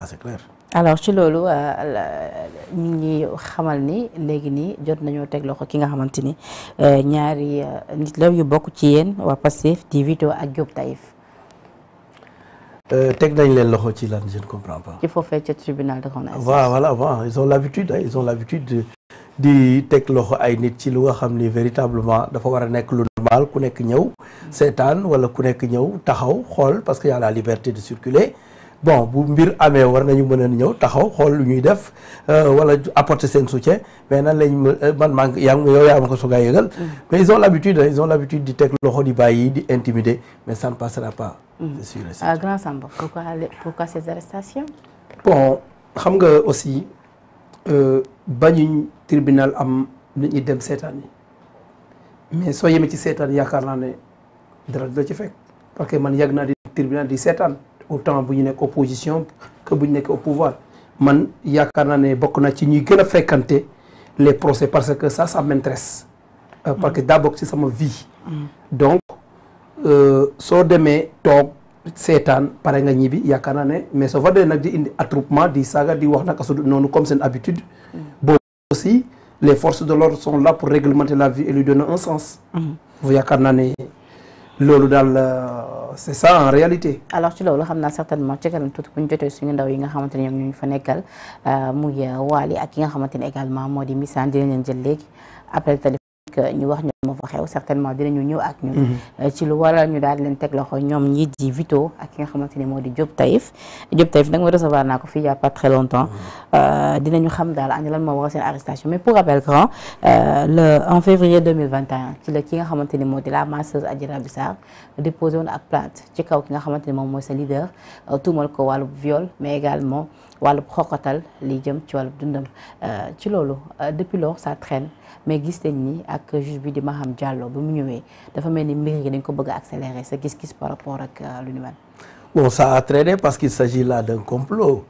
ah c'est clair. alors ci loolu euh, ñu ngi xamal ni léegi nii jot nañoo teg loxo ki nga xamante ni euh, ñaari euh, nit la yu bokk ci yéen waa Pastef di Vito ak Diop Taïf. teg nañ leen loxo ci lan je ne comprends pas. ci foofee ca tribunal de grande instance. waaw voilà bon ils ont l'habitude ils ont l'habitude di teg loxo ay nit ci lu nga xam ni véritablement dafa war a nekk lu normal ku nekk ñëw. seetaan wala ku nekk ñëw taxaw xool parce que y a la liberté de circuler. bon bu mbir amee war nañu mën a ñëw taxaw xool lu ñuy def euh, wala apporter seen soutien mais nan lañ euh, man maa ngi yaa ngi yow yaa ma ko soogaa yëgal mm. mais ils ont l'habitude ils ont l'habitude di teg loxo di bàyyi di intimider mais ça ne passera pas mm. c'est sûr ah, xam nga aussi euh, bañuñ tribunal am nit ñi mais soo yemee ci seetaan yaakaar naa ne dara du ci fekk parce que man yàgg naa di tribunal di seetaan autant bu ñu nekk opposition que bu ñu nekk au pouvoir man yaakaar naa ne bokk na ci ñuy gën a fréquenter les procès parce que ça ça m'intéresse euh, parce que daa bokk ci sama vie donc euh, soo demee toog seetaan pare nga ñibbi yaakaar naa ne mais soo fa dee nag di indi attroupement di saaga di wax naka su noonu comme seen habitude boobu aussi les forces de l'ordre sont là pour réglementer la vie et lui donner un sens mm-hmm. yaakaar naa ne loolu daal euh, c'est ça en réalité. alors ci loolu xam naa certainement ci kanam tuuti bu ñu jotee suñu ndaw yi nga xamante ne ñoom ñu fa nekkal euh, muy euh, Waly ak ki nga xamante ne également moo di Missane dinañ leen jël léegi après téléphone ñu wax ñu moo fa xew certainement ñu ñëw ak ñun. Mm-hmm. ci lu waral ñu daal leen teg loxo ñoom ñi di Vito ak ki nga xamante ne moo di Diop Taïf Diop Taïf nag ma recevoir naa ko fii il y a pas très longtemps. Mm-hmm. Euh, dinañu xam daal ani lan moo waral seen arrestation mais pour rappel grand euh, le en février 2021 ci la ki nga xamante ni moo di la masseuse Adji Raby Sarr déposé woon ak plainte ci kaw ki nga xamante ni moom mooy sa leader euh, tuumal ko wàllub viol mais également wàllub xoqatal li jëm ci wàllub dundam ci loolu depuis lors ça traîne mais gis nañ ni ak juge bi di ma xam jàlloo bu mu ñëwee dafa mel ni mbir yi dañ ko bëgg a accélérer sa gis-gis par rapport ak lu ni mel bon ça a traîné parce qu'il s'agit là d'un complot